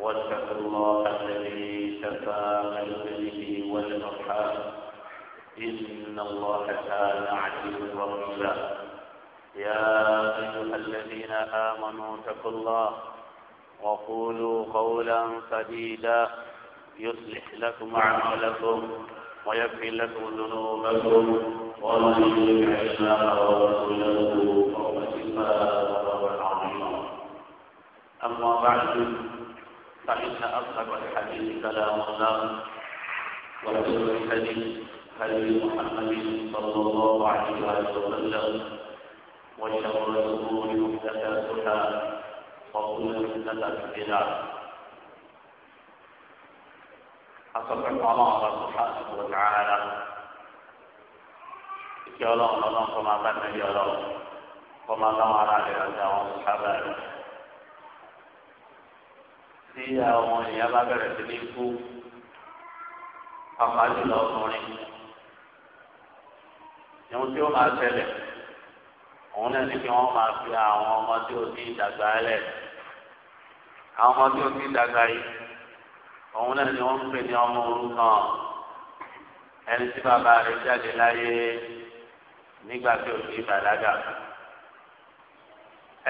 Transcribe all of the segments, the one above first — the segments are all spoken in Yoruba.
واتقوا الله الذي تفاءل به والأرحام إن الله كان عزيزا رحيما يا أيها الذين آمنوا اتقوا الله وقولوا قولا سديدا يصلح لكم أعمالكم ويغفر لكم ذنوبكم ومن يطع الله ورسوله فقد فاز فوزا عظيما أما بعد فإن أصدق الحديث كلام الله وخير الحديث حديث محمد صلى الله عليه وسلم وشر الأمور محدثاتها وكل محدثة بدعة أصدق الله سبحانه وتعالى يا الله اللهم صل على يا الله وما دام على الأعداء والصحابة tí àwọn èèyàn bá bẹ̀rẹ̀ sí ní kú pàpà jùlọ ọkùnrin ìhun tí ó máa ṣẹlẹ̀ òun náà ní kí wọ́n máa fi àwọn ọmọ tí ó ti dàgbà lẹ̀ àwọn ọmọ tí ó ti dàgbà yìí òun náà ni wọ́n ń pè ní ọmọ òrukàn ẹni tí bàbá rẹ̀ jáde láyé nígbà tí ó ti bàlágà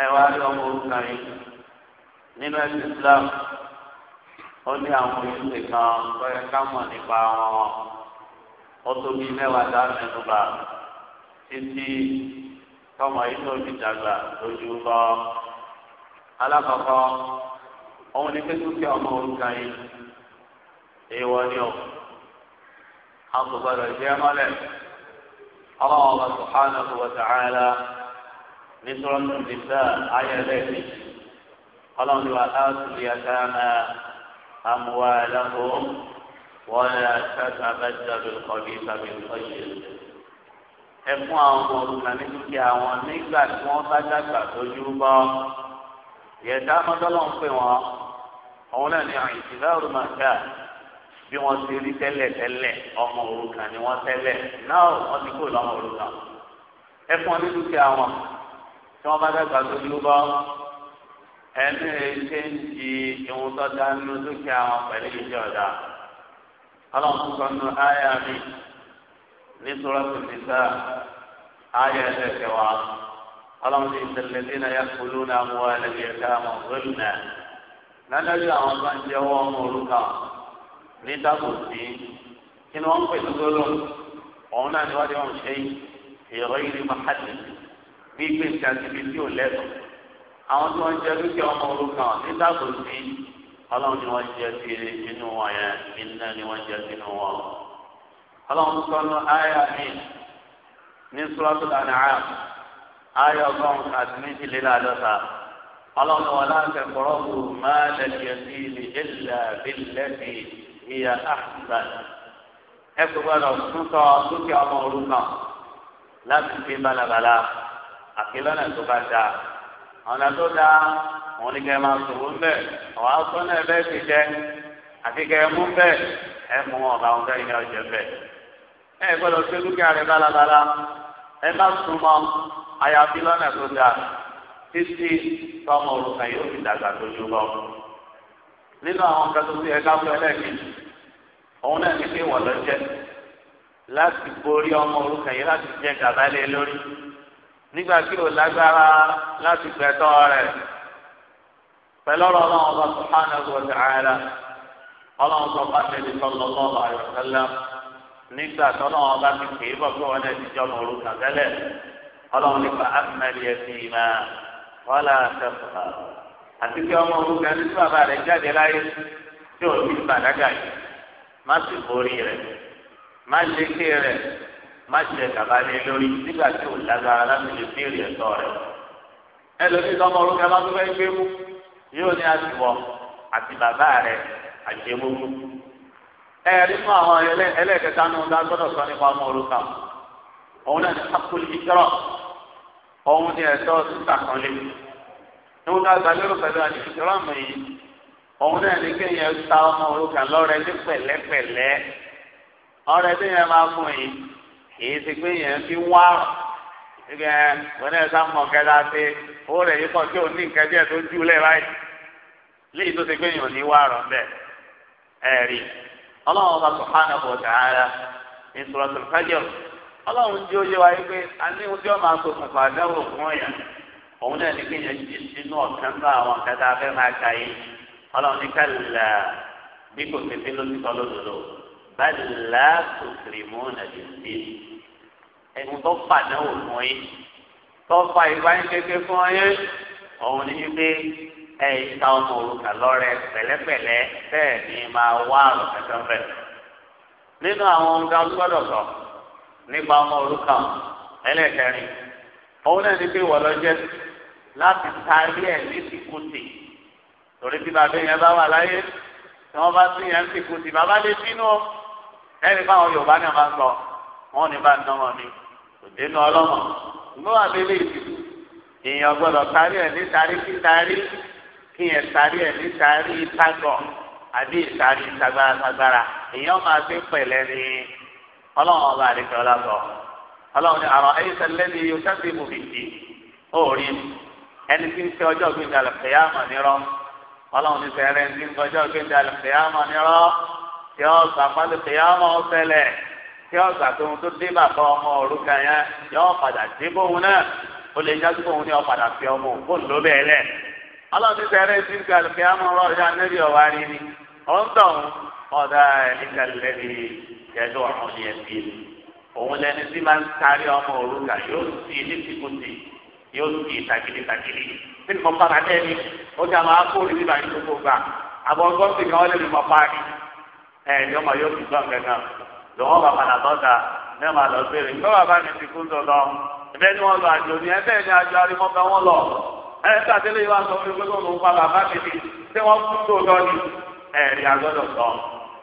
ẹ wá rí ọmọ òrukàn yìí nínú ẹ̀sìn Islam ó ní àwọn ìlúwe kan lọ́yẹ ká mọ̀ nípa wọn ó tó bí mẹ́wàá dá mẹ́nuba títí tọmọ yìí tó fi dàgbà lójú lọ. alákọ̀ọ́kọ́ òun ni pé dúkìá ọmọ òrukàn yìí èèwọ̀ ni ó a kò gbọdọ̀ jẹ́ mọ́lẹ̀ ọlọ́wọ́ bá subhanahu wa ta'ala ní sọ́rọ́ tó ti sẹ́ ayẹlẹ́ mi ọlọ́run ni wà á tún yẹ náà. أموالهم ولا تتبدل الخبيث بالطيب ẹ fún àwọn ọmọ òrùka ní dúkìá wọn nígbà tí wọn bá dàgbà tójú bọ yẹta mọdọlọ ń pè wọn òun náà ní àìsílẹ òrùmọkà bí wọn ti rí tẹ́lẹ̀ tẹ́lẹ̀ ọmọ òrùka ni wọn tẹ́lẹ̀ náà wọn ti kó lọmọ òrùka ẹ fún ọ ní tí wọn bá dàgbà tójú bọ ẹni ṣe ń di ìwọ̀n tó dá nínú dúkìá wọn pẹ̀lú ìjọ ọ̀dà ọlọ́run sọ nínú àyà mi ní sọ́rọ́sì nìta àyà ẹ̀ẹ́dẹ̀kẹ̀wá ọlọ́run ní ìṣẹ̀lẹ̀ tí náà yà náà mú wa ẹlẹ́gbẹ̀ ẹ̀ka mọ̀ lórí náà lálẹ́bí àwọn bá ń jẹ́wọ́ ọmọ òrùka ní dábòsí kí ni wọ́n ń pè lọ́gọ́lọ́ ọ̀hún náà ni wọ́n ti wọ́n ṣe ìrọ̀ ìrìn máa bí gbèsè àti ibi tí ò lẹ́tọ̀ọ́ àwọn tí wọ́n jẹ dúkìá ọmọ òrukàn nítàkùnsí ọlọ́run ni wọ́n jẹ sí inú wọn yẹn iná ni wọ́n jẹ sínú wọn. ọlọ́run sọ́nù àyà mi ní sùrọ́tù An'am àyà ọgọ́rùn-ún àti méjìléláàdọ́ta ọlọ́run wọn láǹkẹ́ kọ́rọ́bù máa lẹ́nu yẹtí ní ìlà bílẹ̀tì ìyá àkùsà. ẹ kò gbọdọ̀ túntọ̀ dúkìá ọmọ òrukàn láti fi balabala àfi tó bá dáa ọ̀nà tó dáa òun ni kẹ́ ẹ máa sòwò ńbẹ̀ ọ̀wá sọ náà bẹ́ẹ̀ ti jẹ àti kẹ́ ẹ mú bẹ́ẹ̀ ẹ mú ọ̀gá ọ̀hún fẹ́ẹ́ ní ọjọ́ bẹ́ẹ̀. ẹ gbọ́dọ̀ ṣe dúkìá rẹ bálabàla ẹ má sùn mọ́ àyàfi lọ́nà tó dáa títí tọmọ òrùka yóò fi dàgbà lójú lọ. nínú àwọn nǹkan tó ti ẹ̀ka fún ẹlẹ́ẹ̀kejì òun náà ní pé wọ́n lọ nígbà tí o lágbára láti gbẹtọ rẹ pẹ̀lú ọ̀rọ̀ Ọlọ́run ọba subhanahu wa ta'ala Ọlọ́run sọ bá tẹlẹ sọlọ lọọba àyọkẹlẹ nígbà tí Ọlọ́run ọba ti pè é bọ pé wọn ẹni jọ lọrù kàtẹlẹ Ọlọ́run nípa amẹlẹ ẹsẹ ìmọ wàhálà sẹfà àti kí ọmọ orúkọ ẹni tí bàbá rẹ jáde láyé tí o ti bàdágà yìí má sì borí rẹ má lékè rẹ. má ṣe kàbá lé lórí nígbà tí ò lágbára láti lè béèrè ẹ̀tọ́ rẹ̀. ẹlòmíì tó ọmọ bá tó fẹ́ gbé mú yóò ní àtiwọ́ àti bàbá rẹ̀ àjẹmógú. ẹ fún àwọn ẹlẹ́ẹ̀kẹta nù dá gbọ́dọ̀ sọ nípa ọmọ òun náà ní òun ní yìí òun náà ní kéèyàn ta ọmọ ní bí yẹn kìí ṣe pé yẹn fi wá ẹ wọn náà kẹta ṣe ó rẹ yìí pọ tí ò ní nǹkan díẹ̀ tó jù lẹ báyìí léyìí tó ṣe pé yẹn ò ní wá rọ bẹ́ẹ̀ ẹ Ọlọ́run ọba subhanahu wa ta'ala ní suratul fajr Ọlọ́run jí ó yé wa yìí pé a ní ohun tí wọn máa so kùnfà dáwọ fún yẹn òun náà ní kí yẹn jí sínú ọ̀kan náà àwọn kẹta fẹ́ máa ka yìí Ọlọ́run ní bí kò ṣe fi lóṣìṣọ́ lódodo báyìí láàtò kìrìmù nàìjíríà ẹni tó fàdánwò fún yín tó fa ìbáyín kékeré fún yín òun ní pé ẹ̀yìn ta ọmọ òrùka lọ́rẹ pẹ̀lẹ́pẹ̀lẹ́ bẹ́ẹ̀ ni máa wá àrùn kẹsàn-án bẹ̀. nínú àwọn ohun tá a gbọ́dọ̀ sọ nípa ọmọ òrùka ẹlẹ́kẹrin òun náà ní pé wọ́n lọ jẹ́ láti taari ẹ̀ ní sìkútì torí tí bàbá yẹn bá wà láyé tí wọ́n bá sí yẹn sìkútì bàbá lè bínú ẹ̀rí báwọn Yorùbá náà máa sọ wọ́n ní bá ń dánwọ́ ni. òdenu ọlọ́mọ ìmọ̀ wà lélẹ̀ ìdìbò èèyàn gbọ́dọ̀ tarí ẹ̀ ní tarí kí tarí tarí ẹ̀ ní tarí àbí ìtarí tagbára tagbára èèyàn máa fi pẹ̀lẹ́ ní ọlọ́run ọba àdìgbẹ́ ọlọ́sọ ọlọ́run ní àrùn ẹ̀yìn sẹ́lẹ̀ ní yóò sábẹ́ mú mi dì ó rí ẹni tí ń ṣe ọjọ́ gbé dalẹ̀ nírọ́ ní sẹ́rẹ̀ ń ọjọ́ gbé dalẹ̀ nírọ́ tí tí ọgbà tó ń tó dé bàbá ọmọ òrukàn yẹn yọ padà dé bóun náà ó lè jáde bóun ní ọ̀padà fi ọmọ òun ló bẹ́ẹ̀ lẹ̀. ọlọ́run ti sẹ́rẹ́ sí ìgbà lókè àmọ́ ọ̀rọ̀ ìyá níbi ọ̀wá rí ni ó ń tọ̀ ọ̀dà ìgbà lẹ́bi ìjẹ́jọ́ ọmọ yẹn bí i. òun lẹni tí máa ń kárí ọmọ òrukàn yóò sì ní tìkùtì yóò sì tàkìlì tàkìlì. bí mo fara dẹ́ni ó ti àwọn akóòrì nígbà yìí gbogbo gbà lọ́wọ́ bàbá nà tọ́ta náà máa lọ béèrè nígbà bàbá mi ti kú tó lọ ẹbẹ ni wọn lọ àjò ní ẹbẹ ni àjò arimọba wọn lọ ẹ tàdélé yìí wá sọ fún mi pé kó ló ń pa bàbá mi ni tí wọn kú tó lọ ni ẹ̀rí agbọ́dọ̀ sọ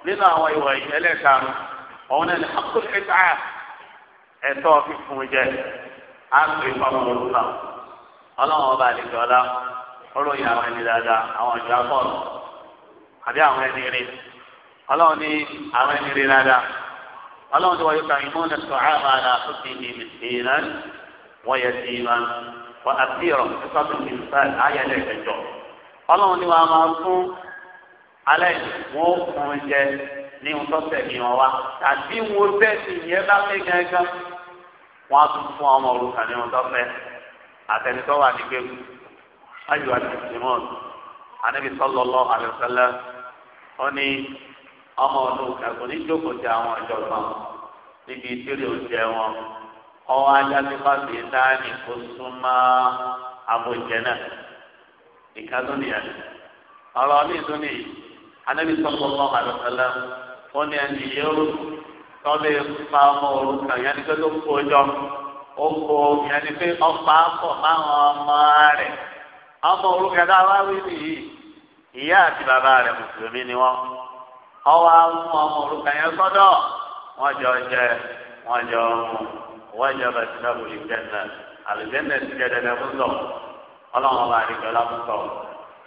nínú àwọn ìwà ẹlẹ́karùn ọ̀hún ẹni akókèéta ẹ̀tọ́ fífún jẹ àgbè pàmò ọlọ́run ọba àlejò ọlá ọlọ́run ní ọlọ́run tí wọ́n yóò ka ìmọ̀ ní sọ̀hámà àlà àtúntì ní mìsìnà wọ́n yẹ sí ma wọ́n àbíyọ̀ nípa tó ní sàn ayẹlẹ̀ ẹ̀jọ̀ ọlọ́run ni wọ́n máa fún alẹ́ wọ́n fún jẹ ní ntọ́sẹ̀ ní wọn wá tàbí wọn bẹ́ ìyẹn bá fẹ́ gángan wọ́n á tún fún ọmọ òrùka ní ntọ́fẹ́ àtẹnitọ́ wà ní gbẹ́gbù ayò àti simon anabi sallallahu alaihi wasallam ní ọmọ ọdún kan kò ní jókòó ti àwọn ọjọ́ kan níbi ìṣeré oúnjẹ wọn ọwọ́ ajá tí fásitì sáàni kó súnmọ́ abojẹ náà ìka tó nìyà ọ̀rọ̀ mi tó nìyí anábì sọ́kọ́ mọ́ àlọ́sọ́lá ó ní ẹni yóò tọ́lé pa ọmọ òrukàn yẹn ni pé ló kó jọ ó kó yẹn ni pé ọ̀pá pọ̀ máwọn ọmọ rẹ̀ ọmọ òrukàn tá a wá wí nìyí ìyá àti bàbá rẹ̀ mùsùlùmí ni wọ́n ọwọ́ àwọn ọmọ òrukàn yẹn sọ́dọ̀ wọ́n jọ jẹ wọ́n jọ mu wọ́n jọ bẹ̀ sílẹ̀ wòlíì jẹ́nà àlùjẹ́nà ti jẹ́ dẹ́dẹ́ fún sọ ọlọ́run ọba àdìgbọ́lá fún sọ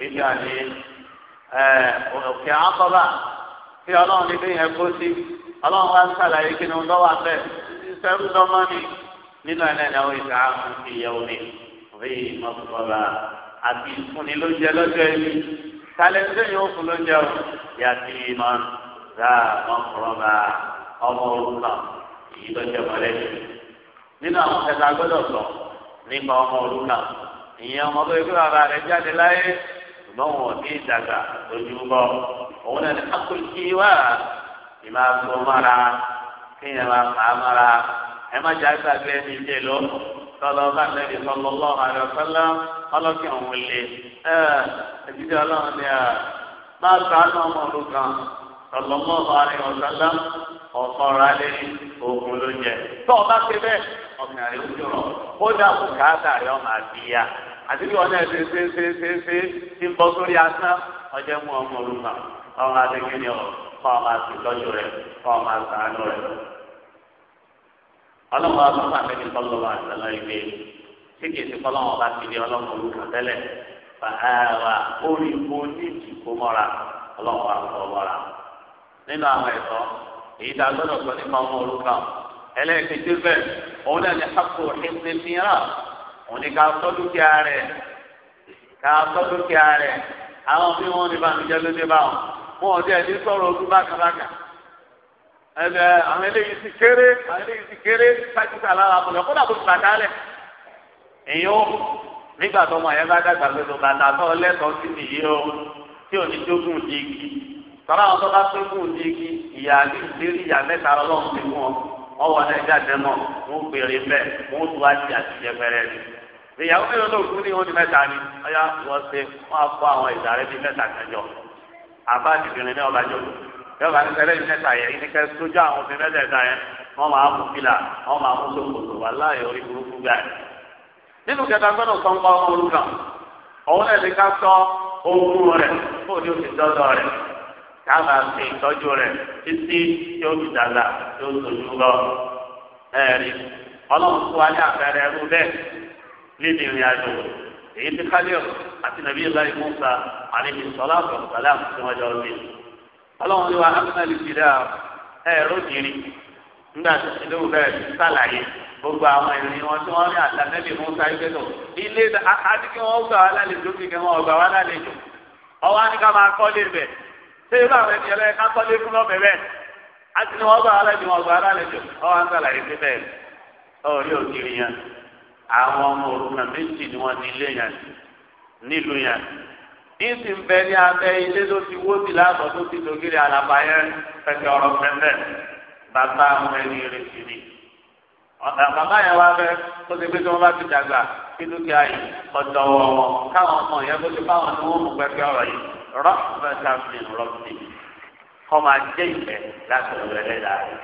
ìdí àní òkè àkọ́bà tí ọlọ́run ní bí yẹn kó sí ọlọ́run wá ń sàlàyé kí ni ó lọ́wọ́ abẹ́ sẹ́rù dọ́mọ́ ni nínú ẹ̀ náà ìdáwọ́ ìdáhùn ti yẹ omi rí mọ́tòkọ́lá àti ìfúnni ló jẹ lọ́jọ́ ẹni kálẹ̀ ń sẹ́yìn ó fún lóúnjẹ o yàtì mọ́ ra ọmọ òrùka èyí tó jẹ mọ̀lẹ́bí nínú àwọn kẹta gbọ́dọ̀ sọ nípa ọmọ òrùka ìyẹn ọmọ tó yẹ kí bàbá rẹ̀ jáde láyé ṣùgbọ́n wọn ní ìdàgbà lójú bọ òun náà ní akókí wá ní máa tó mára kí yẹn máa fà á mára ẹ má jà gbàgbé ẹni jẹ lọ tọ́lọ́ bá nẹ́bí sọ́lọ́ lọ́wọ́ àrẹ ọ̀sọ́lá ọlọ́kì ọ̀hún lé ẹ ẹ ọlọ́run ni ẹ má sàánú sọlọmọ ọ̀hánì ọ̀sánlá ọ̀fọ̀ra lé oògùn ló jẹ. tó o bá ṣe bẹ́ẹ̀ ọ̀gbìn àrẹ ojú rọ̀ ó dà kó káàtà rẹ ọmọ àbíyá àti bí wọn náà ṣe ṣe ṣe ṣe ṣe ti ń bọ́ sórí asán ọjọ́ mú ọmọ olùkọ́ ọmọ adékèké ni ọ̀rọ̀ kọ́ ọmọ àtìlọ́jọ́ rẹ̀ kọ́ ọmọ àtàánú rẹ̀. ọlọ́mọ àbúkà mẹ́ni sọ́lọ́wọ́ àtàlọ́ ìgbé tí kìí ti fọlọ́wọ́ bá ti di ọlọ́mọ olùkọ́ tẹ́lẹ̀ fàhálà orí mo ní ìkó mọ́ra ọlọ́mọ àtọ̀ mọ́ra nínú àwọn ẹ̀tọ́ èyí tá a gbọ́dọ̀ sọ nípa ọmọ orúkọ ẹlẹ́ẹ̀kejì bẹ́ẹ̀ òun náà ní hapò ẹ̀sìn mìíràn òun ní ká sọ dúkìá rẹ̀ ká sọ dúkìá rẹ̀ àwọn bí wọ́n ní bàmíjẹ́ ló dé báwọn wọn ò tiẹ̀ ní sọ̀rọ̀ ojú bákàbákà ẹ̀bẹ̀ àwọn eléyìí ti kéré àwọn eléyìí ti kéré sákìtà lára àbọ̀lẹ̀ kó dàbò bàtà lẹ̀ èyí ó nígbà tó mọ̀ ẹ̀ bá dàgbà pé tó bàtà tó lẹ́tọ̀ọ́ sí tọ́lá àwọn tó bá pé kù ní igi ìyá àbí ìlérí ìyá mẹ́ta ọlọ́run ti mú ọ wọ́n wọ ẹja dẹ́mọ̀ wọ́n pèrè mbẹ́ wọ́n tó wá ti àtijọ́ ni. ìyàwó mi ló kú ní oní mẹ́ta ni ọ̀yà wọ́n ṣe wọ́n á kó àwọn ìdàrẹ́ bíi mẹ́ta kẹjọ. àbá ìdìbìnrin ní ọba jòló yọba ní sẹlẹ̀ mẹ́ta yẹn ní kẹ́ sójú àwọn òfin mẹ́tẹ̀ẹ̀ta yẹn wọ́n máa mú fìlà wọ́n máa mú sókòtò wà láàyè orí burúkú gbà yẹn. nínú kẹta gbọ́dọ̀ sọ ń pa ọmọ olùkàn òun ẹ̀ káàmà ṣe ìtọ́jú rẹ̀ títí tí fi dàgbà tí ó lọ. ẹ̀rí ọlọ́run tó wá ní àpẹẹrẹ ẹrú bẹ́ẹ̀ níbi ìrìn àjò èyí ti kálíọ̀ àti nàbí ìlàyé mọ́sá àlejò sọlá àbọ̀sálà tí wọ́n jọ rí. ọlọ́run ní wa amúnálì fìdá ẹ̀rọ nígbà bẹ́ẹ̀ sàlàyé gbogbo àwọn ìrìn wọn tí wọ́n rí àtàlẹ́bí mọ́sá ilé gbà wá wá ọwọ́ á ṣé irú àwọn ènìyàn lẹ́yìn ká tọ́lé fún lọ́bẹ̀ bẹ́ẹ̀ á ti ní wọ́n gbà alẹ́ ju wọn gbà alẹ́ ju ọ wá ń sàlàyé sí bẹ́ẹ̀ ọ̀rí òkiri yẹn àwọn ọmọ òrukàn méjì ni wọ́n ti lé yẹn nílùú yẹn ìsì ń bẹ ní abẹ ilé tó ti wó sí láàbọ̀ tó ti dògiri àlàbà yẹn fẹsẹ̀ ọ̀rọ̀ pẹ́pẹ́ bàbá àwọn ẹni rẹ̀ sí ni bàbá yẹn wá fẹ́ kó ti gbé tí wọ́n bá ti dàgbà kí dúkìá yìí ọ̀dọ̀ wọn káwọn ọmọ yẹn kó ti báwọn ní wọ́n mú pẹ́pẹ́ ọ̀rọ̀ yìí rahmatan min rabbi kọ́ máa jẹ́ ìfẹ́ láti ọ̀rọ̀ ẹlẹ́dà rẹ̀.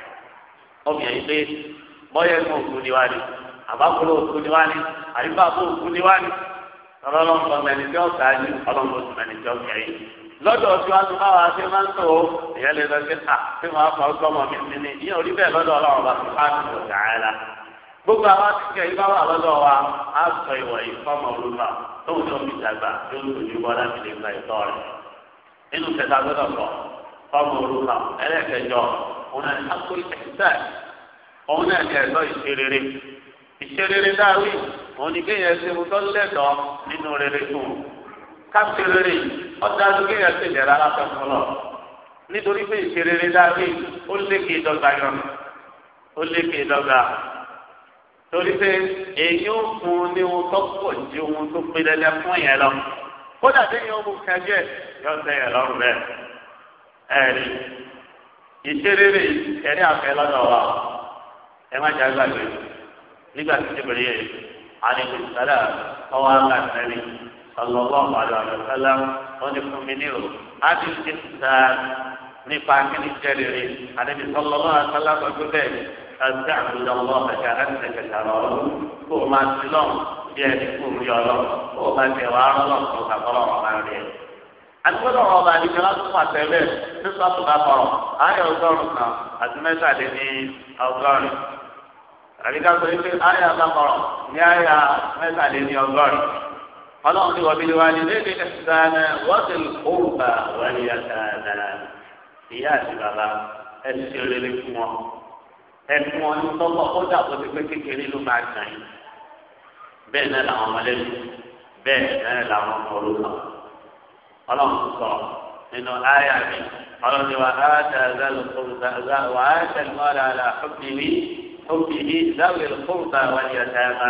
obìnrin pé bọ́yẹ̀ ń òkú ni wá ní àbákúrò òkú ni wá ní àyíbábò ni tí ó ta ní ọlọ́mọ mẹ́ni tí ó kẹ́yìn. lọ́dọ̀ tí wọ́n ti báwa ṣe máa ń tò ó lọ sí ta tí wọ́n á fọ mi sí ni ìyẹn orí bẹ́ẹ̀ lọ́dọ̀ ọlọ́run bá ti fáà tó tààlà. gbogbo àwọn akẹ́kẹ́ yìí bá wà lọ́dọ̀ wa á sọ ìwọ̀ yìí fọ́mọ olùkọ́ tóun tó fi dàgbà tó ń tòjú bọ́lá fi nínú tẹ̀sán gbọ́dọ̀ pọ̀ fọ́ọ̀mù olùkọ́ ẹlẹ́kẹjọ òun náà akó ìtẹ̀síṣẹ́ òun náà ní ẹ̀tọ́ ìṣerere ìṣerere dáwì òun ní kéèyàn ṣe ohun tó lẹ́tọ̀ọ́ nínú rere fún un káṣerere ọ̀dájú kéèyàn ṣe ìdẹ̀rẹ̀ aláfẹ́fún lọ nítorí pé ìṣerere dáwì ó lékè ìdọ́gba yọ ó lékè ìdọ́gba torí pé èyí ó fún un ní ohun tó pọ̀ ju ohun tó pinnu ẹlẹ́fún yẹn lọ kódà déyìn ọmọ kẹjẹ yọ sẹ́yìn lọ́rùn bẹ́ẹ̀ ẹ̀rí ìṣeréré ẹ̀rí àfẹ́ lọ́dọ̀ wa ẹ má jà gbàgbé nígbà tí tìbìrì yẹ àlejò sálà ọwọ́ àgbà sẹ́ni ọlọ́wọ́ àlọ́ àlọ́ sálà wọ́n ti fún mi ní o á ti ti sàá nípa kíni jẹrìrì àdébí sọlọ́lọ́ àtàlà gbogbo bẹ́ẹ̀ àti àbúdá ọlọ́ àti àrẹ́sẹ̀ kẹta lọ́rọ́ kó o máa ti lọ́rùn bí ẹni kú mi ọlọ kó o bá tẹ wàá rọlọ kó o kàkọrọ ọba rẹ àtúntò ọba àdìgbò láti fún àtẹlẹ ní sọtù bá kọrọ ayé ọgọ́rùn kan àti mẹ́tàdé ní ọgọ́rùn àbíká sọ wípé ayé àbákọrọ ní ayé mẹ́tàdé ní ọgọ́rùn ọlọ́run ti wọbi ni wàá ní léde ẹsìdáná wọ́n ti òwú bá wàá ní yàtàdà ìyá àti bàbá ẹni tí bẹ́ẹ̀ náà làwọn ọmọlẹ́nu bẹ́ẹ̀ náà làwọn ọmọ olùkọ́ ọlọ́run sọ nínú àyà mi ọlọ́run ni wà á dàgbà lùkùrùdà wà á tẹ̀lé àlà ọ̀bìnrin ọ̀bìnrin dáwìl kùrùdà wà ní ọ̀tá ẹ̀ma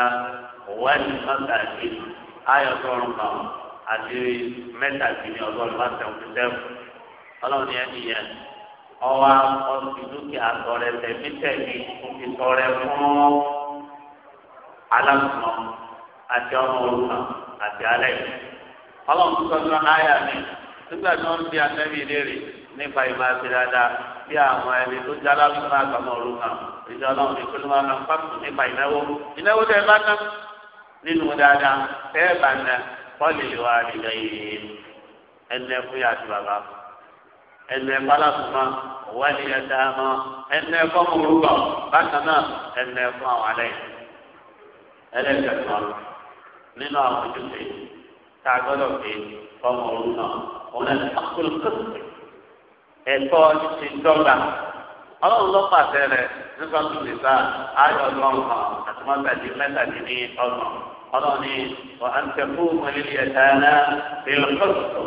wà ní ọ̀tá ẹ̀mí àyà ọ̀tọ̀run kan àti mẹ́ta kìíní ọgọ́rùn-ún bá tẹ̀ ọ̀tún tẹ̀ ọlọ́run ni ẹni ọwọ́ ọ̀sìndúkìá tọrẹ tẹ̀mí tẹ̀mí ó ti fún alákùnrin àti ọmọ òrùka àti alẹ́ yìí. ọlọ́run tó sọ́jọ́ náírà mi nígbà tí wọ́n ń bí atẹ́bí léèrè nípa ìmọ̀ àti dáadáa bí àwọn ẹni tó já lálùkọ́ àgbàmọ̀ òrùka ìjọ ọlọ́run ní kúlú máa ń pàtó nípa ìnáwó ìnáwó tẹ́ ẹ bá ná nínú dáadáa tẹ́ ẹ bá ná kọ́lì ìwà àdìgbà yìí ẹnẹ fún yà àti bàbá ẹnẹ balàkùnmá wàlẹ̀ ẹ̀dá mọ́ ẹnẹ fún ọmọ bákan náà ẹnẹ fún àwọn alẹ́ ẹlẹ́gbẹ̀ẹ́ nínú àwọn ojúṣe tá a gbọ́dọ̀ pé ọmọ òun náà òun náà àkókò kẹsìkì ẹ̀tọ́ ṣe dọ́gba ọlọ́run ló pàṣẹ rẹ̀ nípa tùmísà ayọ̀ ọgbọ̀n kan àti mọ́tàdí mẹ́tàdí ní ọgbọ̀n ọlọ́run ní ọ̀hántẹ́kù mọ́lẹ́lẹ́ ẹ̀dá náà nílò kọ́sùkù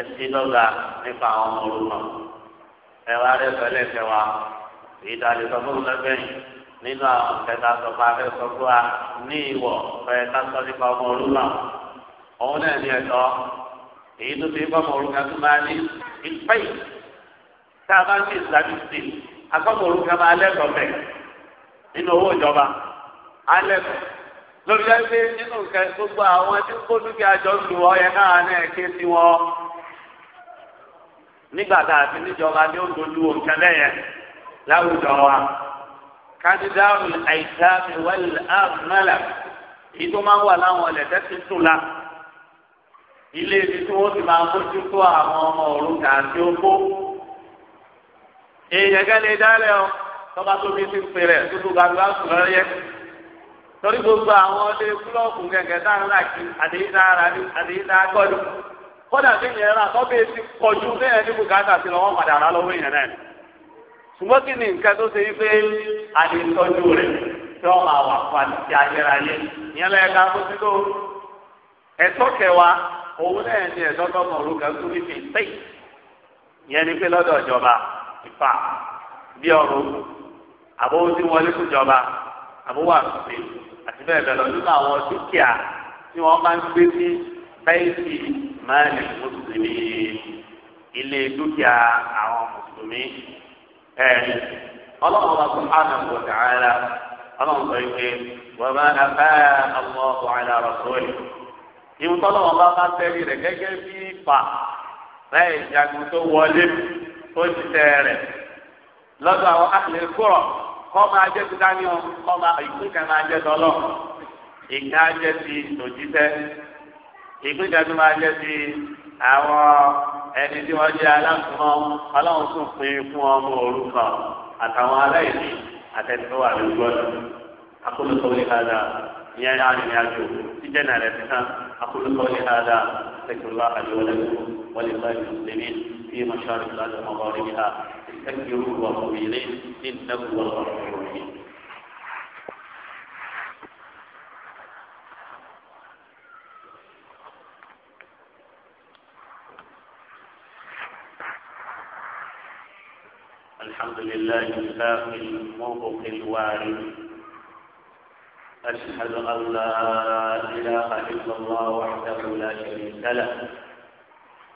ẹ̀sìn dọ́gba nípa ọmọ òun náà ẹ̀wà rẹ̀ pẹ̀lẹ́ fẹ́ wa èyí fún un nínú àwọn kẹta sọfà akẹ́kọ̀ọ́ wa ní ìwọ̀ ọ̀yẹ ká sọ nípa ọmọ olúwa òun náà ní ẹ̀tọ́ èyí tó fi bọ́mọ olúwa tó máa ní ìpẹ́ yìí tá a bá ní islamic state akọ́mọ olúwa máa lẹ́kọ̀ọ́ bẹ̀ nínú owó ìjọba á lẹ́kọ̀ọ́ lórí ẹgbẹ́ nínú nǹkan gbogbo àwọn tí kó dúkìá jọ ń lu ọyẹ náà náà ké sí wọn nígbà tá a ti níjọba ní kádídáàrú àìsàmì wẹ́lì àmàlà èyí tó máa ń wà láwọn ẹlẹ́tẹ́ ti tù la ilé ibi tí wọ́n ti máa bójú tó àwọn ọmọ òrùka àti opó èèyàn gẹ́lẹ́ dálẹ̀ ọ tọ́ba tó bí ti ń pè rẹ̀ tútù gbàgbà sùn lọ́rẹ́ yẹ torí gbogbo àwọn ọdẹ kúlọ̀kù gẹ̀gẹ̀ dáhùn àti àdéhìdá gbọ́dọ̀ kódà bí ìyẹn rà tọ́bí ti kọjú bẹ́ẹ̀ ní bùkátà sí lọ́wọ́ padà rà lọ́wọ́ ìyẹn náà ṣùgbọ́n kí ni nǹkan tó ṣe yí pé àdìsọ́jú rẹ̀ tí wọ́n máa wà fún àdìsí ayérayé ìyẹn lẹ́yìn ká tó ti tó ẹ̀tọ́ kẹwàá òun náà ní ẹ̀tọ́ tọmọ òrùka tó ní fi pé ìyẹn ni pé lọ́dọ̀ ìjọba ìfà bí ọ̀run àbówó tí wọlé fún ìjọba àbówó àtúnṣe àti bẹ́ẹ̀ bẹ́ẹ̀ lọ nínú àwọn dúkìá tí wọ́n máa ń gbé sí bẹ́ẹ̀sì máàlì mùsùlùmí ilé dúkìá àwọn mùsùlùmí. ẹ̀rí eh, ọlọ́run wa sùhánà kò ike wọ́n bá afẹ́ ọmọ ọ̀hánà rọ̀sọ́ọ̀lì. ìwọ tọ́lọ́wọ́n bá bá rẹ̀ gẹ́gẹ́ bí fà láì jagun tó wọlé tó ti tẹ́ rẹ̀ lọ́dọ̀ àwọn àlẹ́ kọ́ máa jẹ́ ti dání o kọ́ máa ìpín kan máa jẹ́ tọ́lọ́ ìka jẹ́ ti ìpín kan tó máa jẹ́ ti àwọn. ẹni tí wọ́n jẹ́ aláǹfọ̀mọ́ ọlọ́run tún pè é fún ọmọ òrukàn àtàwọn aláìní àtẹnudọ́wà ló gbọ́dọ̀ akólókò ní káàdà ìyẹn arìnrìn àjò jíjẹ́ náà rẹ̀ fi hàn akólókò ní káàdà sẹ́kùlá àjọwọ́lẹ́kù wọlé báyìí mùsùlùmí في مشارق الأرض ومغاربها استكبروا وقوموا إليه إنه هو الغفور الرحيم لا يلاقي المرق الوارد أشهد أن لا إله إلا الله وحده لا شريك له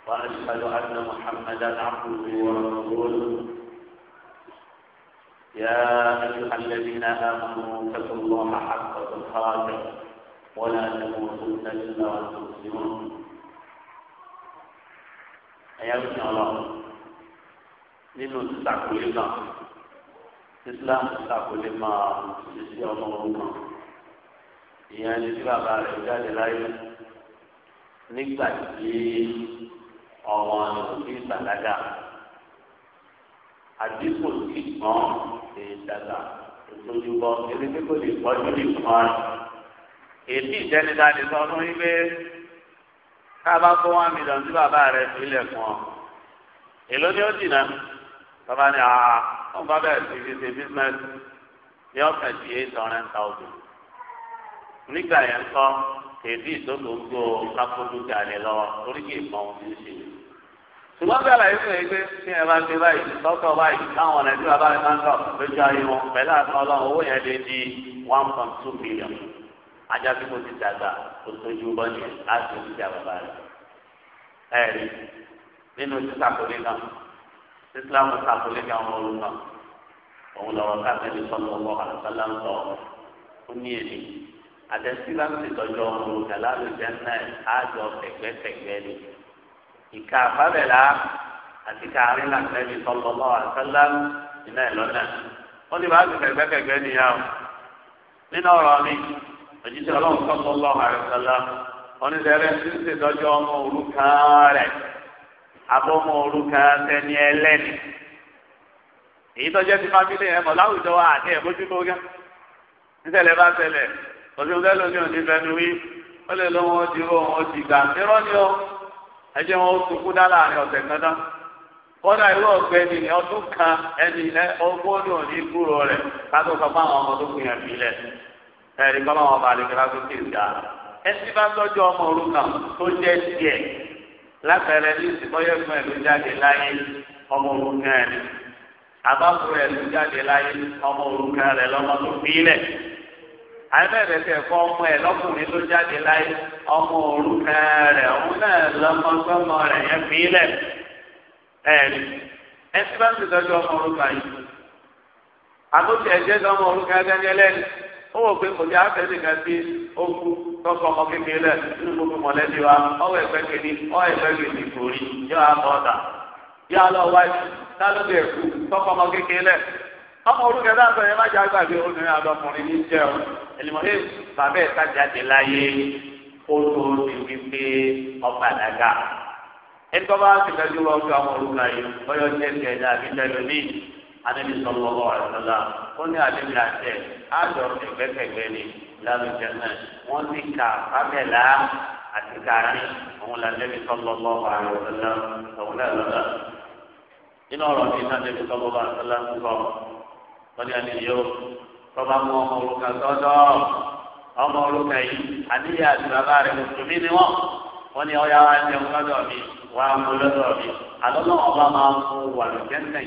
وأشهد أن محمدا عبده ورسوله يا أيها الذين آمنوا اتقوا الله حق تقاته ولا تموتن إلا وأنتم مسلمون أيها الله nínú ìtàkùnlé náà islam takòlè máa ṣiṣẹ ọmọ òun ìyẹn ni tí bàbá rẹ jáde láyé nígbà tí ọmọ òbí ìgbàlaga àdínkù tí gbọ́n lè dàgbà ìtòjúbọ eré tí kò lè pọ́jú lè pọ́n án èdè ìjẹnidáde sọ fún yín pé ká bá kó wọn mílíọ̀nù tí bàbá rẹ fi lẹ̀ fún ọ èló ni ó dì náà bàbá ni àá wọn bá bẹ̀rẹ̀ sí fi ṣe business ní ọ̀sẹ̀ tí eight hundred thousand nígbà yẹn kọ́ èdè ìdókòwò kápódúkà ni lọ́wọ́ orí kì í mọ ohun tí ń ṣe ṣùgbọ́n bí àlàyé fún ẹgbẹ́ tí ẹ bá ṣe báyìí tọ́tọ̀ báyìí káwọn nàìjíríà bá rẹ̀ máa ń lọ lójú ayé wọn pẹ̀lú àti ọlọ́run owó yẹn lè di one point two million ajá tí mo ti dàgbà tó tójú bọ́ọ̀lù láti ojú ìjà bàbá rẹ̀ ẹ̀rí nínú títàkùnrin náà islam sàkólé kí àwọn olùkọ́ òun lọ́wọ́ káfíńtì sọ́nù ọkọ̀ àlùfáàlà ń tọ́ ó ní èmi àtẹ̀sí bá ń ṣètọ́jú ọmọ olùkọ́ lálùjẹ́ náà àjọ tẹ̀gbẹ́tẹ̀gbẹ́ ni ìka àbábẹ̀lá àti káàrin làtẹ́bí sọ́nù ọkọ̀ àlùfáàlà iná ẹ̀ lọ́nà wọ́n ti bá ti tẹ̀gbẹ́tẹ̀gbẹ́ nìyà o nínú ọ̀rọ̀ mi òjíṣẹ́ ọlọ́run sọ́nù ọkọ̀ àlùfáàlà wọ́n ti abọ́mọ orúkọ ẹni ẹlẹ́ni èyí tó ti fámílì yẹn mọ̀ láwùjọ wa àti ẹ̀bójútó gá níṣẹ̀lẹ̀ bá fẹnu wí ó lè lọ wọn ti rọ wọn ti gbà ni ó ẹjẹ wọn ó sunkún ni ọdún kan ẹni ní òní kúrò rẹ̀ kátó fún àwọn ọmọ tó kù yẹn kọ́ lápẹẹrẹ ní ìsìnkọ́yọ̀ fún ẹ̀lú jáde láyé ọmọ òrukàn rẹ̀ àbáfúrò ẹ̀lú jáde láyé ọmọ òrukàn rẹ̀ lọ́mọ tó bílẹ̀ àbẹ̀rẹ̀ tẹ̀ fọ́ ọmọ ẹ̀ lọ́kùnrin ló jáde láyé ọmọ òrukàn rẹ̀ òun náà lọ́mọ sọ́mọ rẹ̀ yẹn bílẹ̀ ẹ̀rí ẹtí bá tọ́jú ọmọ òrukàn yìí àbótí ẹ̀jẹ̀ sọmọ òrukàn gẹ́gẹ́ lẹ́nu ó wò pé kòtí afẹ́ nìkan bí ogun tọkọ ọmọ kékeré lẹ nínú gbogbo mọ̀lẹ́bí wa ọwọ́ ẹ̀fẹ́ kejì ọwọ́ ẹ̀fẹ́ kejì kòrí yọ àbọ̀ ọ̀dà yọ àlọ́ wáyé tálódé ẹ̀kú tọkọ ọmọ kékeré lẹ ọmọ orúkẹ dáàbọ̀ yẹn má jẹ́ àgbàgbé obìnrin àdọkùnrin ní jẹ́ ọ ènìmọ̀ ẹ bàbá ẹ̀ sájáde láyé kó tó ti fi pé ọba àdàgà ẹni tó bá ti fẹ́ dúró ọjọ́ àwọn orúkọ yìí ọyọ́ jẹ́ ti àbí tẹ́lẹ̀ ní ó ní àlejò àtẹ àjọ ẹgbẹkẹgbẹ ni lálùjẹ náà wọn ní ká kábẹlá àti kárí òun là lẹbi sọlọlọ àrùn ọlọlọ òun náà lọlọ nínú ọ̀rọ̀ mi náà lẹbi sọlọlọ àrùn ọlọlọ ń bọ wọn ní àlejò yóò tọba mú ọmọ olùkà sọdọ ọmọ olùkà yìí àníyàn àti bàbá rẹ mùsùlùmí ni wọn wọn ní ọyà wa jẹun lọ́dọ̀ mi wàá mú lọ́dọ̀ mi àlọ́ náà ọba máa ń fún wàlùjẹ́ ń tẹ̀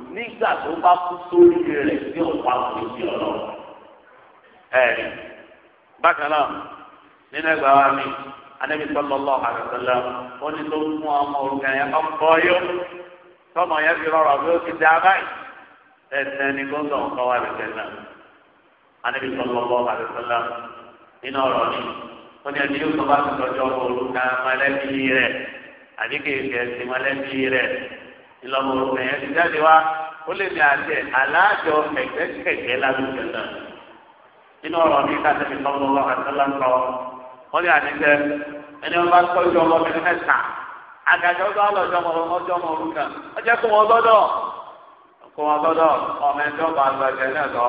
nígbà tó bá kú sórí rẹ̀ yóò pa òkú sí ọlọ́run. ẹ̀rí bákan náà nínú ẹgbẹ́ wa mi anabi sallallahu alaihi wasallam ó ní tó mú ọmọ orúkọ yẹn ọkọ yó tọmọ yẹn fi rọrọ bí ó ti dá báyìí ẹsẹ ni gbọ́dọ̀ ọkọ wa lẹsẹ náà anabi sallallahu alaihi wasallam nínú ọ̀rọ̀ ni ó ní ẹni yóò sọ bá ti tọjú ọmọ orúkọ mọ̀lẹ́bí rẹ̀ àdékèké ẹsìn mọ̀lẹ́bí rẹ̀ ìlànà òun ẹ̀yẹ ti jáde wá ó lè ní àjẹ aláàjọ ẹ̀gbẹ́kẹ̀gbẹ́ lálùjẹ náà nínú ọ̀rọ̀ mi ká tẹ̀lé tọ́lọ́ lọ́wọ́ àtẹ́lá ń kọ́ wọ́n ní àdìsẹ́ ẹni wọn bá tọ́jú ọmọbìnrin mẹ́ta àgàjọ bá lọ́jọ́ ọjọ́ ọmọ orúkà ọjọ́ kó wọn lọ́dọ̀ kó wọn lọ́dọ̀ ọmọ ẹjọ́ bá lọ ẹ̀jẹ̀ náà lọ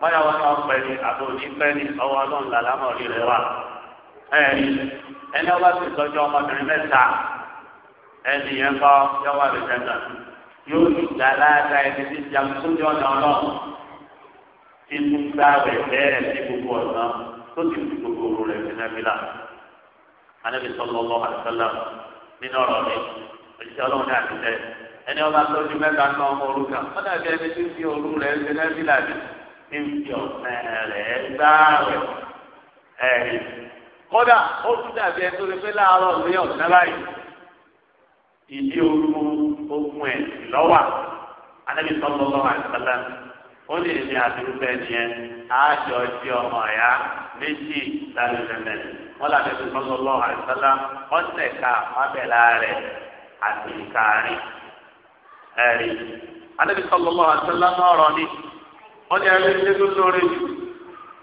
báyà wọn pẹ̀ ní àbò ní pẹ́ ní ọwọ́ ọlọ́run làlámọ̀ rí rẹ̀ wà ẹni wọn bá ti tọ́jú ọmọbìnrin mẹ́ta ẹni yẹn kọ́ yọwọ́ rẹ̀ dẹ́gbà yóò ní gbàláàdá ẹni tí ti àmúsójú ọ̀nà ọlọ́run ti mú gbá rẹ̀ bẹ́ẹ̀ sí gbogbo ọ̀nà tó ti fi gbogbo òru rẹ̀ sí nàbílà. anábì sọ́lọ́ lọ́ àdìsọ́lá nínú ọ̀rọ̀ mi òṣìṣẹ́ ọlọ́run ní àtìlẹ́ ẹni ọba tó ní mẹ́ta ná ọmọ òru kan wọ́n dàbí ẹni tí fi òru rẹ̀ sí nàbílà ní ti fi ọ̀sẹ̀ rẹ̀ gbá rẹ̀ ẹ̀rí. kódà ó tún dàbí ẹni tó lè fẹ́ láàárọ̀ ní ọ̀sẹ̀ báyìí ìdí orúkọ ogun ẹ̀ lọ́wà anábì sọ́kọ́ lọ́wọ́ àtàlà ó lè ní àdúgbò ẹ̀yẹn àjọ ọjọ́ ọmọ ẹ̀yà méjì lálẹ́lẹ́lẹ́ wọ́n làbẹ̀ tó sọ́kọ́ lọ́wọ́ àtàlà ọ̀sẹ̀ ká mábẹ́lá rẹ̀ àti ìkàrin ẹ̀rí anábì sọ́kọ́ lọ́wọ́ àtàlà náà rọ̀ ní wọ́n ní ẹgbẹ́ ilé tó lórí jù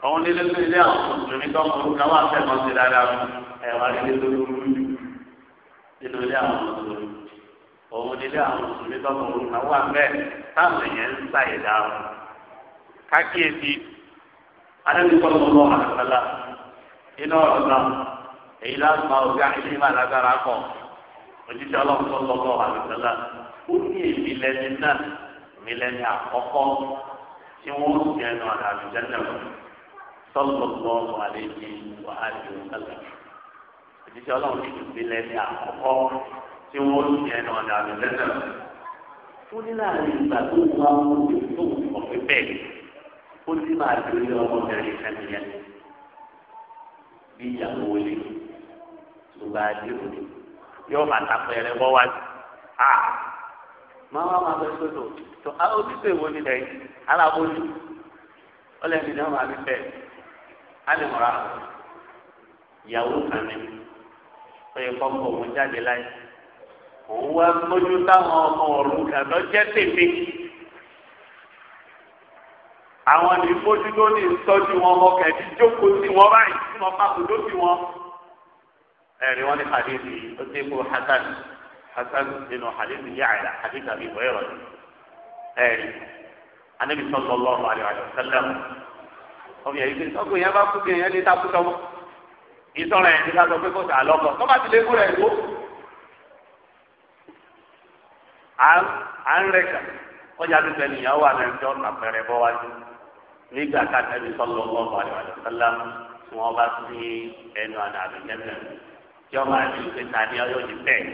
òun ní lẹ́sẹ̀ ilé àwọn mùsùlùmí tó ń kọ́ wá dáadáa ẹ̀wọ̀n ilé tó lórí jù ilé àwọn mùsùlùmí. òun nílé àwọn mùsùlùmí tọkọ náà wà mẹ táwọn èèyàn ń sa ìdá wọn kákíyèsí adébíkọ́lù ọmọ àgbàlá iná ọ̀rọ̀ náà èyí láti máa ọ̀gá máa lágbára kọ òjijì ọlọ́mùsọ̀lọ́ ọmọ àgbàlá ó ní èmi lẹni náà èmi lẹni àkọ́kọ́ tí wọ́n ń ẹnu àlejò wàhálì òun kálá òjijì tí wọ́n lù yẹn náà ní àmì lẹ́sẹ̀ rẹ̀. ó ní láàrin ìgbà tó wù wá wọn lè tó wù ọ̀pẹ bẹ́ẹ̀ ó ní máa di orí ọmọbìnrin kan nìyẹn bí ìyàwó ilé tó bá dé òde yóò máa ta pẹ̀rẹ̀ wọ́ wá sí. máa wá máa fẹ́ sọ́dọ̀ tó ojúṣe ìwọ nílẹ̀ yìí aláboyún ọlẹ́ni náà máa fi bẹ́ẹ̀ á lè mọ̀ra ìyàwó kan ní ó yẹ kọ́ kọ́ òun jáde láyé òun wá mójú táwọn ọmọ ọ̀rùn kàtọ́ jẹ́ tèmi àwọn ní mójú tó ní ìtọ́jú wọn ọmọ kẹ̀kí jókòó sí wọn báyìí tí wọn pàkó tó sí wọn. ẹ̀rí wọn ní hadithi ó ti kú hasan hasan nínú hadithi Ya'la hadithi àbí ìwé ìrọ̀lẹ́ ẹ̀rí anabi sallallahu alaihi wasallam ọbẹ̀ yìí pé ọkùnrin yẹn bá kú bí ẹ̀yẹ́ lè takú ìtọ́ra ẹ̀ ní ká sọ pé kó sà lọ́kọ̀ tó bá ti lé kú rẹ̀ à ń rẹ̀ kà ọjà tó fẹ́ nìyà wà lẹ́nu tí wọ́n kà pẹ̀rẹ̀ bọ́ wájú nígbà ká tẹ́lẹ̀ sọ́lọ́ ọmọ àlùfáà sọ́lá tí wọ́n bá sí ẹnu àná àbẹ̀jẹ̀mẹ̀ tí wọ́n máa ní ìpè tani ọyọ́ ní bẹ́ẹ̀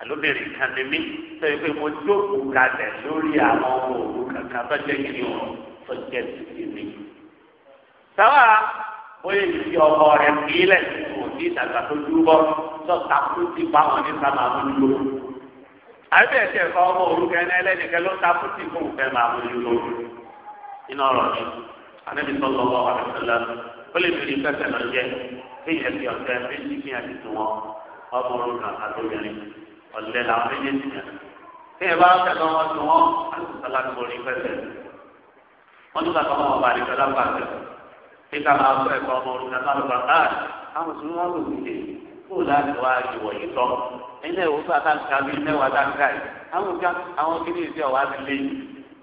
àlóbìnrin kan ní mí sẹ́yìn pé mo jókòó kalẹ̀ lórí àwọn ọmọ kankan tó jẹ́ kí wọ́n tó jẹ́ sí mi. sábà bóyá ìfi ọmọ rẹ̀ kílẹ̀ kò ní ìdàgbàsójú bọ́ àbí ẹsẹ̀ kọ́ ọmọ orúkọ ẹni ẹlẹ́nìkẹ́ ló ta fúti fún ìfẹ́ máa mú yín lóru iná ọ̀rọ̀ mi anábì sọ́kọ́ ọmọ àbẹ̀sẹ̀lá ó lè fi ìfẹsẹ̀ lọ jẹ kí ìyẹn fi ọ̀sẹ̀ méjì kí ẹni tún wọn ọmọ orúkọ àtòbìnrin ọ̀lẹ́ làwọn méjèèjì yẹn kí ẹ bá tẹ̀lé wọn tún wọn àti sọ́lá tó orí fẹsẹ̀ wọn tún kàtọ́ ọmọ bàdì fẹ́lá pàṣẹ n'o láti wá ìwọ̀ yìí lọ ẹni ẹ̀wọ̀n fún àtàkà mi mẹ́wàá dáńgá yìí àwọn kan àwọn kìíní ìṣe ọ̀wá ti lé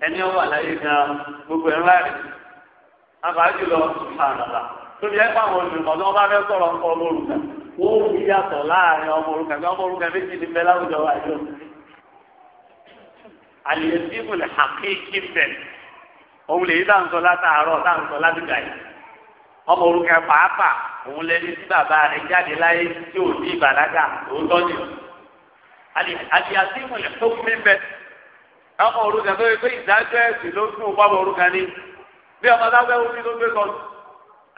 ẹni ọwọ́ àlàyé gan gbogbo ẹ̀rọ àbájú lọ tóbi àwọn olùkọ́ bá fẹ́ sọ̀rọ̀ ọmọ wọ́n fi yàtọ̀ ọmọ orúkẹ pàápàá òun lẹni tí bàbá rẹ jáde láyé tí ò ní ìbàlágà òótọ́ ni àti àtìmù lè tó fún mi bẹ ọmọ orúkẹ tó yẹ pé ìdájọ́ ẹ̀sìn ló fún ọmọ orúkẹ ni bí ọmọ sáfẹ́ omi ló gbé kọ́ni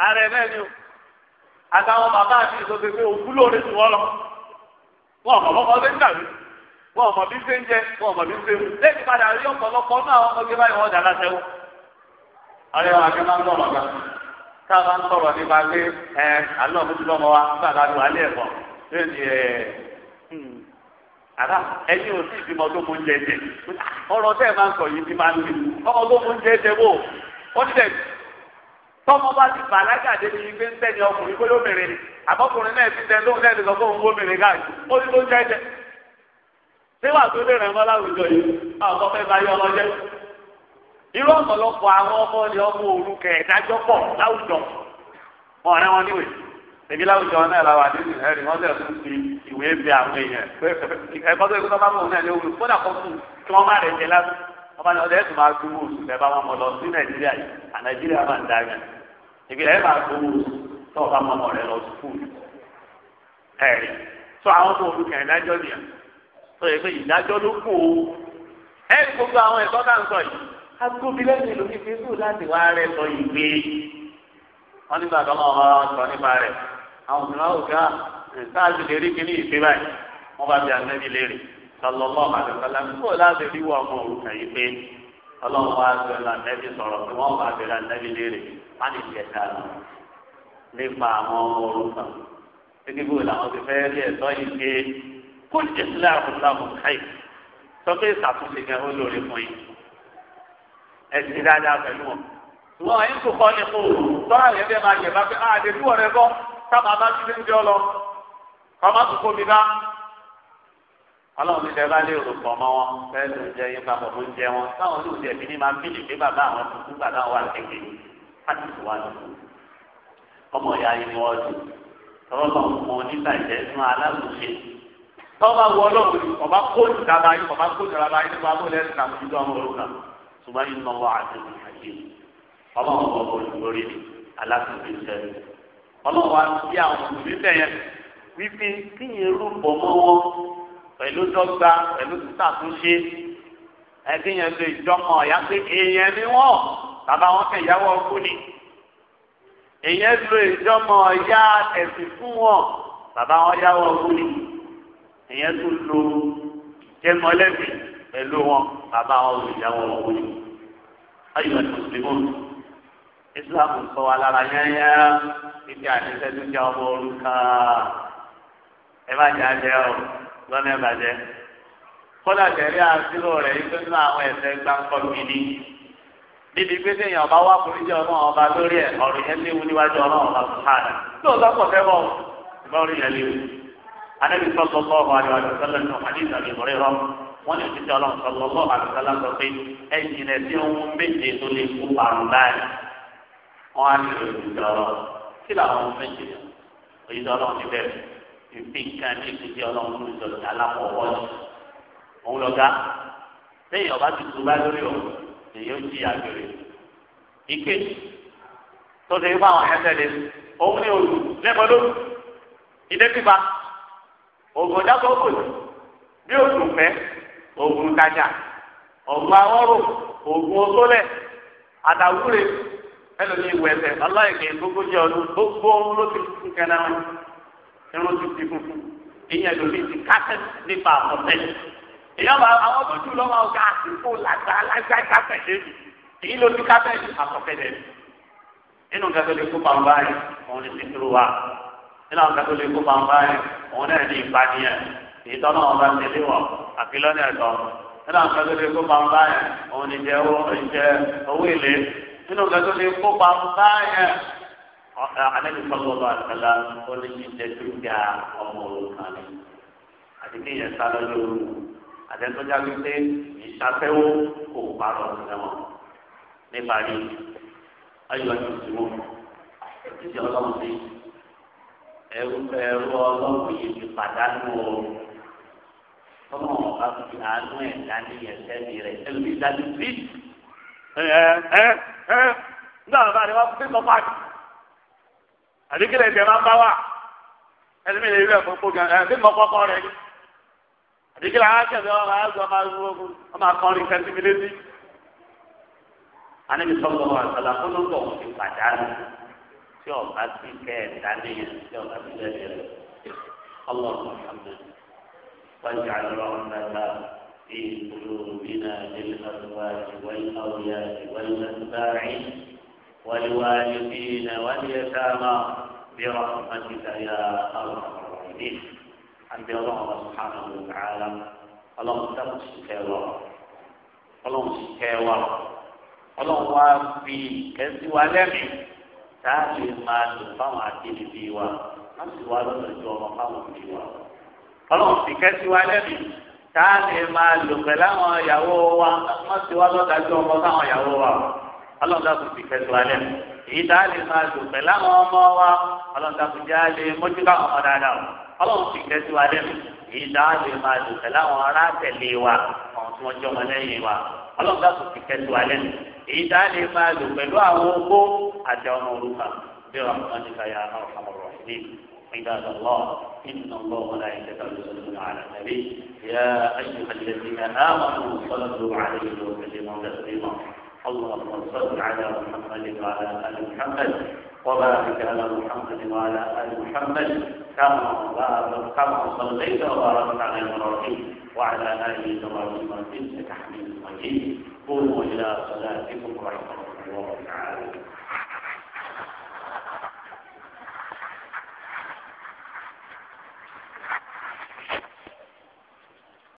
ara ẹ̀ ni, o àtàwọn bàbá àti ìsọ̀tẹ̀ pé òkú lóore tù wọ́n lọ wọn ọmọ bọ́kọ ṣe ń dàrú wọn ọmọ bí ṣe ń jẹ ọmọ bí ṣe ń tá a bá ń sọ̀rọ̀ nípa pé ẹ àlọ́ mi ti lọ́mọ wa nígbà tá ṣé ni ẹ hmm, ò sí ìbímọ tó mú jẹ jẹ tẹ ẹ máa ń sọ yìí ti máa ń ọmọ tó mú jẹ jẹ wò ó ti dẹ tọmọ bá ti ibi ń tẹni ọkùnrin àbọkùnrin náà ti sọ fún òun káàkiri ó ti tó jẹ jẹ síwájú irú ọ̀pọ̀lọpọ̀ àwọn ọmọ ni ọmọ òru kẹ̀ẹ́dájọ́ pọ̀ láwùjọ wọn ọ̀rẹ́ wọn níwèé èmi láwùjọ náà làwọn àdéhùn ẹ̀rí wọn lẹ̀ fi ìwé bí àwọn èèyàn ẹ̀kọ́ tó ìkúta bá mọ̀ náà ní òru kódà kọ́ fún kí wọ́n má rẹ̀ jẹ lásán ọba ní ọdẹ ẹ̀sùn máa gbowó oṣù lẹ́ẹ̀ bá wọn mọ̀ lọ sí nàìjíríà yìí à nàìjíríà máa ń da rẹ̀ ẹ̀ máa gbowó oṣù tó atóbi lẹ́nu ìlú fífi sùn láti wá rẹ sọ ìgbé wọn nígbà tó wọn máa sọ nípa rẹ àwọn mìíràn ò gbà sáàsì lè rí kíní ìgbé báyìí wọn bá fi àná ilé rẹ sọlọ lọ àti sọlá kó láti rí wọn ọmọ òrùka yìí pé ọlọ́run wá sọ ẹ̀la nẹ́bí sọ̀rọ̀ pé wọ́n bá bẹ̀rẹ̀ nẹ́bí léèrè má ní ìjẹta lọ nípa àwọn ọmọ òrùka gẹ́gẹ́ làwọn ti fẹ́ rí ẹ̀tọ́ yìí pé kó ìjẹsílẹ̀ àkùnlá mọ̀ káyì sọ pé ìsàtúnṣe kan ó lóore fún yìí ẹ̀sìn dáadáa pẹ̀lú wọn. wọn yìí kò kọ́ ni kò tọ́ra rẹ̀ bẹ́ẹ̀ máa yẹ̀ bá pé àdè ah, tí wọ́n rẹ̀ bọ́ sábà bá ti ń jọ lọ kọ́má tó kó mi bá. ọlọ́run ti dẹ́gbá lé òrò pọ̀ mọ́ wọn fẹ́ẹ́ ló ń jẹ yín papọ̀ ló ń jẹ wọn táwọn olóòtú ẹ̀mí ni máa ń bílì pé bàbá àwọn tuntun gbà náà wà kékeré láti tó wá lọ. ọmọ ìyá yìí wọ́n ti tọ́lọ́ mọ nígbà ìjẹ́ fún aláwùjẹ tọ́ba wọ ọlọ́run ọba kóòtù dábàá ọba kóòtù dábàá nípa abúlé ẹ̀sìn àmójútó ọmọ òrukàn ṣùgbọ́n yìí lọ́wọ́ àdéhùn àyè ọlọ́run bọ̀ bọ̀ lórí aláṣẹ́bí sẹ́yìn ọlọ́run wa ti àwọn òṣìṣẹ́ yẹn wípé kíyìn rúbọ̀ mọ́wọ́ pẹ̀lú dọ́gba pẹ̀lú títàtúnṣe ẹ̀kíyìn lè jọmọ ọ̀yá pé èèyàn ni wọ́n bàbá wọn kẹ̀ yáwó ọkú ni èèyàn lè jọmọ ọ̀yá ẹ̀sìn fún wọn bàbá wọn yáwó ọkú ni èèyàn tún lo jẹmọlẹ́bí pẹ̀lú wọn bàbá wọn lè yáwó ọkú ni ayọ̀ mùsùlùmù islam sọ wa lára yányá ibi àtisẹ́ tó jẹ́ ọmọ orúkà ẹ má jẹ́ àjẹ́ ọ lọ́nà ìbàjẹ́ kọ́lá tẹ̀lé àṣírò rẹ̀ yìí tó nínú àwọn ẹ̀sẹ̀ gbáǹkọ́ gidi níbi pé téèyàn bá wá foríjì ọlọ́run ọba lórí ẹ̀ ọ̀rọ̀ yẹn léwu níwájú ọlọ́run ọba sùhánà tó lọ́pọ̀ fẹ́bọ̀ ìbá orí yẹn léwu. anábì sọ́kọ́ ọ̀hún àdìwàdì sọ́lẹ̀ nù àdìsàbí ìmọ̀rẹ́ rọ́mù wọ́n ní òṣìṣẹ́ ọlọ́run sọ̀rọ̀ lọ́wọ́ àlùkálá sọ pé ẹ jìnà sí ohun méje tó lè kú àrùn báyìí wọ́n á nílò òṣìṣẹ́ ọlọ́run kí làwọn ohun méje òṣìṣẹ́ ọlọ́run ti bẹ̀rẹ̀ ìpín kan ní ìpínlẹ̀ ọlọ́run ló sọ̀rọ̀ alákọ̀ọ́kọ́ ni òun lọ́gá lẹ́yìn ọba ti tu bá lórí o èyí ó jí àgbèrè ike tó ṣe fún àwọn ẹsẹ̀ lé òun ní olù lẹ́mọ lóru ilé pípa ògùn dákọ̀ òkòtì bí ogun kájà ogun awọ́rò ogun osólẹ̀ àdàwúre ẹlòmíì wẹ̀sẹ̀ ọlọ́ọ̀kẹ́ gbogbo jẹ́ ọdún gbogbo ló ti fún kẹ́nà wọn irun ti ti fún ìyẹn lòmíì ti kásẹ̀ nípa ọ̀tẹ̀ ìyọba àwọn tó jù lọ́wọ́ ọ̀gá àtìkú làgbà alágbá kásẹ̀ lẹ́nu èyí ló ti kásẹ̀ àtọ̀kẹ́ lẹ́nu nínú kátó lè kó pàmbá yẹn òun ni ti turu wa lè kó òun náà ní ìtọ́nà ọba tẹ̀lé wọ̀ àfi lọ́nà ẹ̀tọ́ nínú àwọn tó lè kó pa ń bá yẹn òun ní jẹ owó ìjẹ owó èlé nínú nǹkan tó lè kó pa ń bá yẹn alẹ́bí sọ́kọ̀ọ́ ó ní jíjẹ dúkìá ọmọ òrukàn ni àti kí yẹn sá lọ lóru àtẹ̀tọ́já wípé ìṣàfẹ́wó kò parọ́ ìrẹ́wọ̀n nípa rí ayọ̀ àti ìṣòwò ìṣẹ́ ọlọ́run sí ẹrú ẹrú ọlọ́run yìí ti pàdánù o tọ́mọ̀ ọba fi àánú ẹ̀ dání ẹ̀sẹ̀ mi rẹ̀ ẹlú dájú sí. ẹ bàbá rẹ wá fún pípọ̀ pàdé àdékèlè ẹ̀jẹ̀ máa bá wà ẹlẹ́mi lè rí ẹ̀fọ́ gbọ́gàn ẹ̀ bí kọ́kọ́ ni máa wọ́n ti pàdánù. tí ọba ti kẹ ẹ dání yẹn tí ọba ti lẹ yẹn lọ ọlọ́run muhammed wájú àlọ ọmọdé fi ìlú bínà nílẹ àlùwájú wáyé àwòyájú wáyé lẹsùbáàrí wáyé wáyé bínà wáyé sáàmà bírọ àmàtí kàyà àwọn ọmọdé àbí ọlọ́run ọba sùhánà wò kàálà ọlọ́run dàbò sí kẹwàá ọlọ́run sí kẹwàá ọlọ́run wá fi kẹsíwá lẹmìí. táàbì máa lò fáwọn bí wa má sì wá lọ́dọ̀ ju ọmọ fáwọn bí wa. ọlọ́run sì kẹ́sí wa lẹ́bi táàbì máa lò pẹ̀lú àwọn ọlọ́run dàtò fi kẹtù alẹ́ nù èyí tá a lè máa lò pẹ̀lú àwọn ogbó àti ọmọ orúkà bí wọn kàn ní káyà náà ọmọọrọ ìdí عباد الله إن الله ملائكته يصلون على النبي يا أيها الذين آمنوا صلوا عليه وسلموا تسليما اللهم صل على محمد وعلى آل محمد وبارك على محمد وعلى ال محمد كما بارك كما صليت وباركت على ابراهيم وعلى ال ابراهيم انك حميد مجيد قوموا الى صلاتكم ورحمة الله تعالى